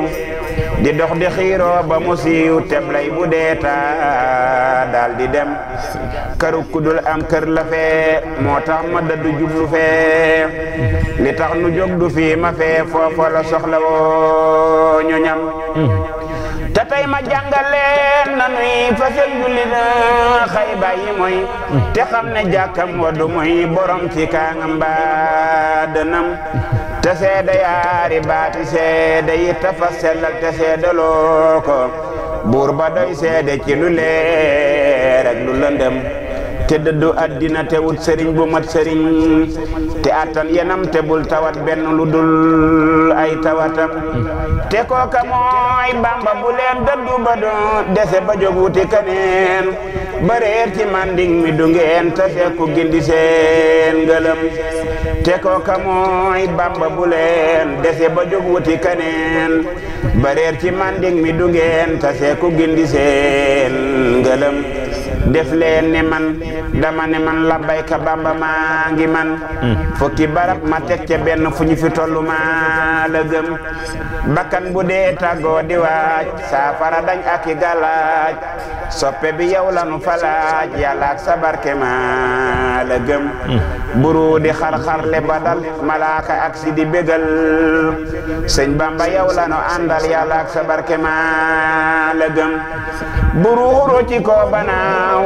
di dox di xiiroo ba mu siiw teblay bu deeta daal di dem këru kudul am kër la fee moo tax ma dadu jublu fee li tax nu jóg du fii ma fee foofa la soxla woo ñu te tey ma jàngaleen nanuy fase jullit xay bàyyi mooy te xam ne jàkkam wa du borom ci kaangam baadanam te seede yaari baati seede yi tafa sellal te seede loo buur ba doy seede ci lu leer lu lëndëm te dëddu àddina te wut sëriñ bu mat sëriñ te attan yenam te bul tawat benn lu dul ay tawatam te kooka mooy bamba bu leen dëddu ba doon dese ba jóg wuti kaneen ba ci manding mi du ngeen te fekku gindi seen ngëlëm def leen ne man dama ne man labbayka bamba maa man hmm. fukki barab ma teg ca benn fu ñu fi tollu maa la gëm bakkan bu dee tàggoo di waaj saafara dañ ak galaaj soppe bi yow la nu falaaj yàlla ak sa barke maa la gëm hmm. di xar-xar le ba malaaka ak di bégal sëñ bamba yow la nu àndal yàlla ak maa la gëm buru ko banaaw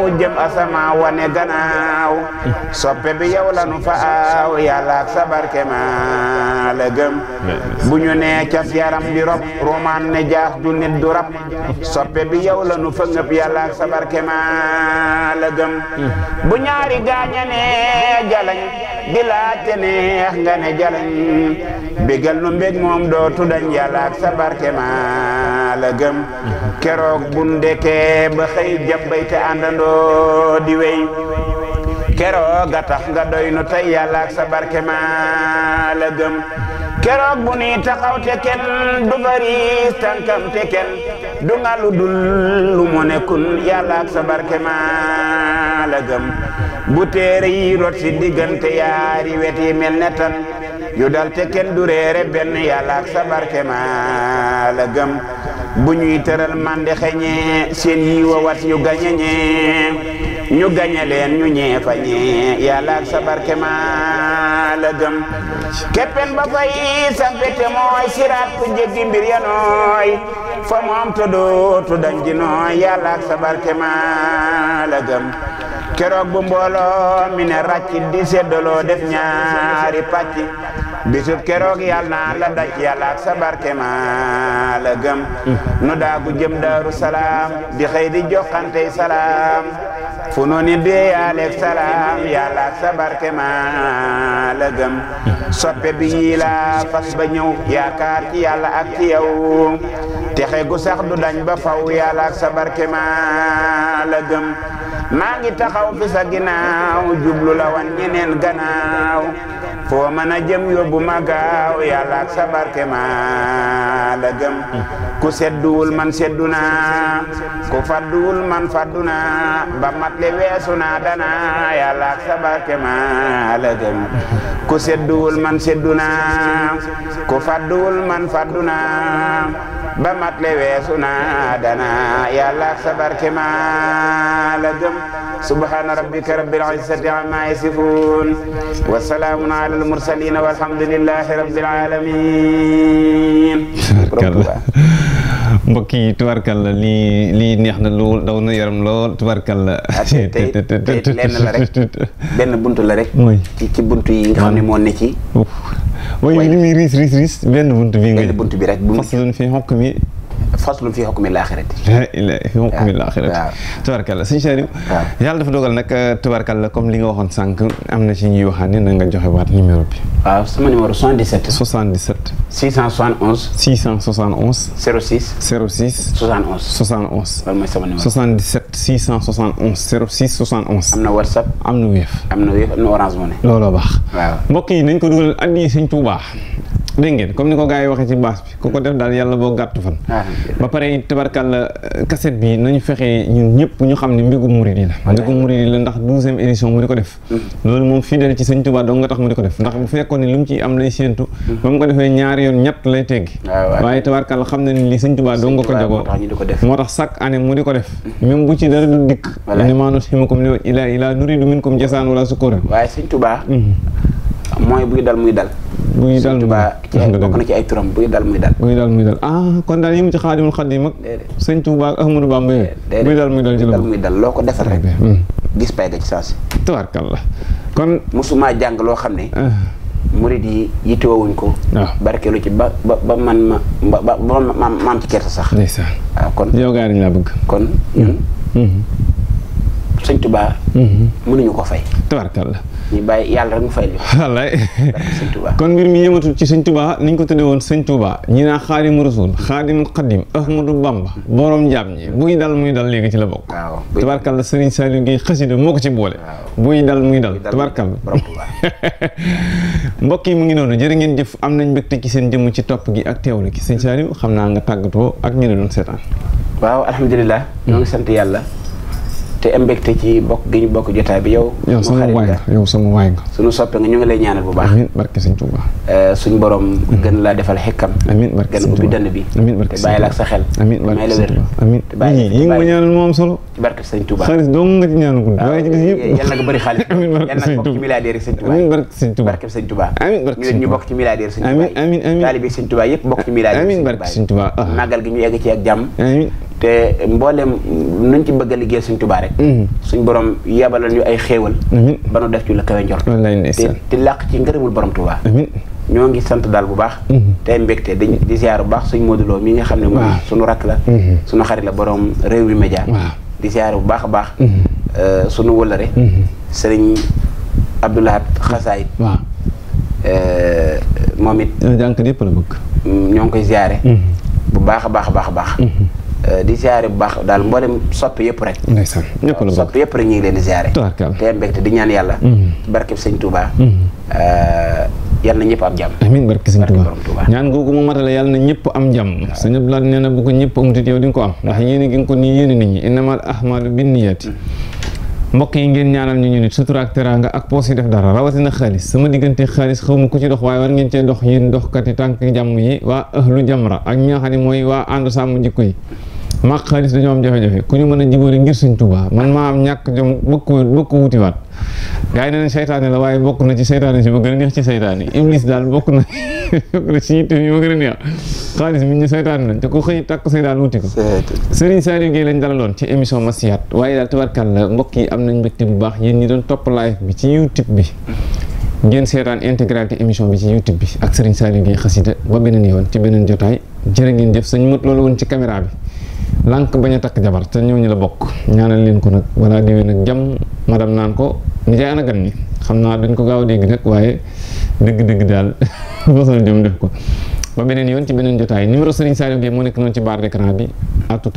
soppe bi yow la nu fa aaw yàlla ak sa barke ma la gëm bu ñu nee cas yaram di rob rumaan ne jaas du nit du soppe bi yow la nu fa ngëp yàlla ak sa barke la gëm bu ñaari gaañane jalañ di laajte neex nga ne jalañ bégal nu mbég moom dootu dañ yàlla ak sa barke maa la gëm keroog bu ba xëy jabbay te àndandoo di wey keroog ga tax nga doy nu tey yàlla ak sa barke maa la gëm keroog bu taxaw te du bari tànkam te kenn du nga dul lu mu nekkul yàlla ak sa barke maa bu teere yi rot si diggante yaari wet yi ne tan yu dal te kenn du reere benn yàlla ak sa bu ñuy tëral mande xeñee seen yi wawat yu gañe ñee ñu gañe leen ñu ñee ñee yàlla ak sa barke maa la keppen ba fay sampete mooy siraat ku jéggi mbir nooy fa moom to dootu dañ ji nooy yàlla ak keroog bu mbooloo mi ne ràcc di seddaloo def ñaari pàcc bisub keroog yàlla naa la daj yàlla ak sa barke ma la gëm nu daagu jëm daaru salaam di xëy di joxantey salaam fu nu ni dee yaaleeg salaam yàlla ak sa barke ma la gëm soppe bi yii la fas ba ñëw yaakaar ci yàlla ak ci yow texe gu sax du dañ ba faw yàlla ak sa barke ma la gëm maa ngi taxaw fi sa wan ñeneen gannaaw foo mën a jëm yóbbu ma gaaw yàlla ak sa maa la gëm ku sedduwul man seddu naa ku fadduwul man faddu naa ba mat weesu naa danaa yàlla ak sa maa la gëm ku sedduwul man seddu naa ku fadduwul man faddu naa ba mat le weesu na dana yàlla ak sa barke maa la gëm subhaana rabbika rabbil izzati amma yasifuun wa salaamun ala al mursalin walhamdulillahi rabbil alamin mbokk yi tubarkal la lii lii neex na lool daw na yaram lool tubarkal ah, la. tey benn buntu la rek. mooy ci ci buntu yi nga xam ne moo ne ci. waaye li muy riis riis riis benn buntu bi nga. benn buntu bi rek bu mu faslun fi hukmi faslu fi xukmi laaxirati. la ilaha fi xukmi laaxirati. waaw tubarkalla sëñ Saliou. dafa dogal nag euh, tubarkalla comme li nga waxoon sànq am na ci ñuy waxaan ne na nga joxe waat numéro bi. waaw sama numéro 77. 77. 671. 671. 06. 06. 71. 71. loolu mooy sama numéro 77 671 06 71. am na WhatsApp. am na Wave. am na Wave am na Orange Money. looloo baax. waaw nañ ko dugal andi sëñ Tuubaa. dégg ngeen comme ni ko gars yi waxee ci baas bi ku ko def daal yàlla boo gàttu fan ah, ba pare tabarkal la euh, cassette bi nañu fexee ñun ñëpp ñu xam ni mbégum murid yi la mbégum murid yi la ndax douzième édition mu di ko def mm-hmm. loolu moom fidèle ci bu fekkoon ne lu mu ci am lay séentu mm-hmm. ba mu ko defee ñaari ah, la xam ne ni li nga ko jagoo moo tax chaque année mu di ko def mm-hmm. même bu ci dara du dikk ni maanut ximakum li ilaa ilaa nuridu minkum jasaan wala sukuran waaye sëñ Tuubaa mooy buy dal muy dal. buy dal muy dal surtout bokk na ci ay turam buy muy dal. kon daal yéen ci xaadimul xaadim mag. sëñ Touba ak Ahmadou muy dal muy dal loo ko defal rek. Hmm. gis pay ga ci saa si. tabarkalla kon. mosuma jàng loo xam ne. Ah. murid yi yittewoowuñ ko. waaw ah. barkeelu ci ba ba ba man ma ba ba ma ma am ci kersa sax. ndeysaan waaw ah, kon yow gaa dañ laa bëgg. kon hmm. sëñ Touba. Mhm. mënuñu ko fay. tabarkalla. ñu bàyyi yàlla rek fay ñu. kon mbir mi yëmatul ci sëñ Touba ni ñu ko tuddee woon sëñ tubaa ñi naa xaadimu rasul xaadimul xadim ahmadu bamba borom jaam ñi buy dal muy dal léegi ci la bokk. waaw tabarkalla Serigne Saliou Guèye xasida moo ko ci boole. buy dal muy dal tabarkalla. mbokk yi mu ngi noonu jërë ngeen jëf am nañ mbégte ki seen jëmm ci topp gi ak teewlu gi sëñ Saliou xam naa nga tàggatoo ak ñu ne doon seetaan. Hmm. yàlla. te am mbégte ci bokk gi bokk jotaay bi yow. yow sama waay nga yow sama waay nga. suñu soppe nga ñu ngi lay ñaanal bu baax. amiin barke sëñ Touba. Eh, suñu mm-hmm. gën laa defal xekkam. amiin barke sëñ Touba gën ubbi dënn bi. amiin barke sëñ Touba te sa xel. amiin barke sëñ Touba amiin te bàyyi la yi nga ma ñaanal moo am solo. ci sëñ Touba xaalis dong nga ci ñaanal ah, ñu bokk ci milliardaire sëñ Touba. amiin amiin amiin bokk ci milliardaire sëñ Touba. amiin barke sëñ Touba. màggal gi ñu egg nuñ ci bëgg a liggéey sëñ Touba rek Mhm. suñ borom yabalal ñu ay xéewal mhm. ba nu def ci la kawe njort te làq ci ngërëmul borom Tuubaa mhm. ñoo ngi sant daal bu baax te mbégte di di ziar bu baax suñ mooduloo mi nga xam ne moom suñu rakk la sunu xarit la boroom réew mi média di ziar bu baax a baax euh, suñu wëlëre sëriñ Abdoulahat Xasaayit euh, moom it jànk yëpp la bëgg ñoo ngi koy ziare bu baax baax baax baax Euh, di ziare bu baax daal mboolem soppi yëpp rek. ndeysaan ñëpp la bokk soppi yëpp rek ñu ngi leen di ziare. tubaarkaal te mbégte di ñaan yàlla. Mm-hmm. barkeb sëñ Touba. Mm-hmm. Euh, yal na ñaan googu mu matale yal na ñëpp am jàmm. waaw sëñ Abdoulaye nee na bu ko ñëpp yow di ko am ndax yéen a ngi ko nii yéen a nit ñi innamal ahmaalu mm-hmm. mbokk yi ngeen ñaanal ñu ñu nit sutura ak teraanga ak poos yi def dara rawatina xaalis sama diggante xaalis xaw ma ku ci dox waaye war ngeen cee dox yéen doxkati tànk jàmm yi waa ahlu jamra ak ñi nga xam ne mooy waa ànd sàmm maag xaalis dañoo am jafe-jafe ku ñu mën a jibóori ngir sëñ Tuubaa man maa am ñàkk jom bëgg ko bëgg ko wutiwaat gars yi ne nañ seytaane la waaye bokk na ci seytaane si ba gën a neex ci seytaane iblis daal bokk na bokk na ci yitte yi ba gën a neex xaalis mi ñu seytaane la te ku xëy tàkk seytaan wuti ko Serigne Saliou Guèye lañ dalaloon ci émission Massihat waaye daal tabarkàlla mbokk yi am nañ mbégte bu baax yéen ñi doon topp live bi ci YouTube bi ngeen seetaan intégralité émission bi ci YouTube bi ak Serigne Saliou Guèye xasida ba beneen ci beneen jotaay jërë ngeen jëf sëñ mët ci caméra bi lànk bañ a takk jabar te ñëw ñu la bokk ñaanal leen ko nag balaa déwén nag jam madam naan ko ni jaay ana gan ñi xam naa dañ ko gaaw a dégg nag waaye dëgg-dëgg daal mosal jom def ko ba beneen yoon ci beneen jotaay numéro Serigne Saliou Gueye moo nekk noonu ci barre d'écran bi à tout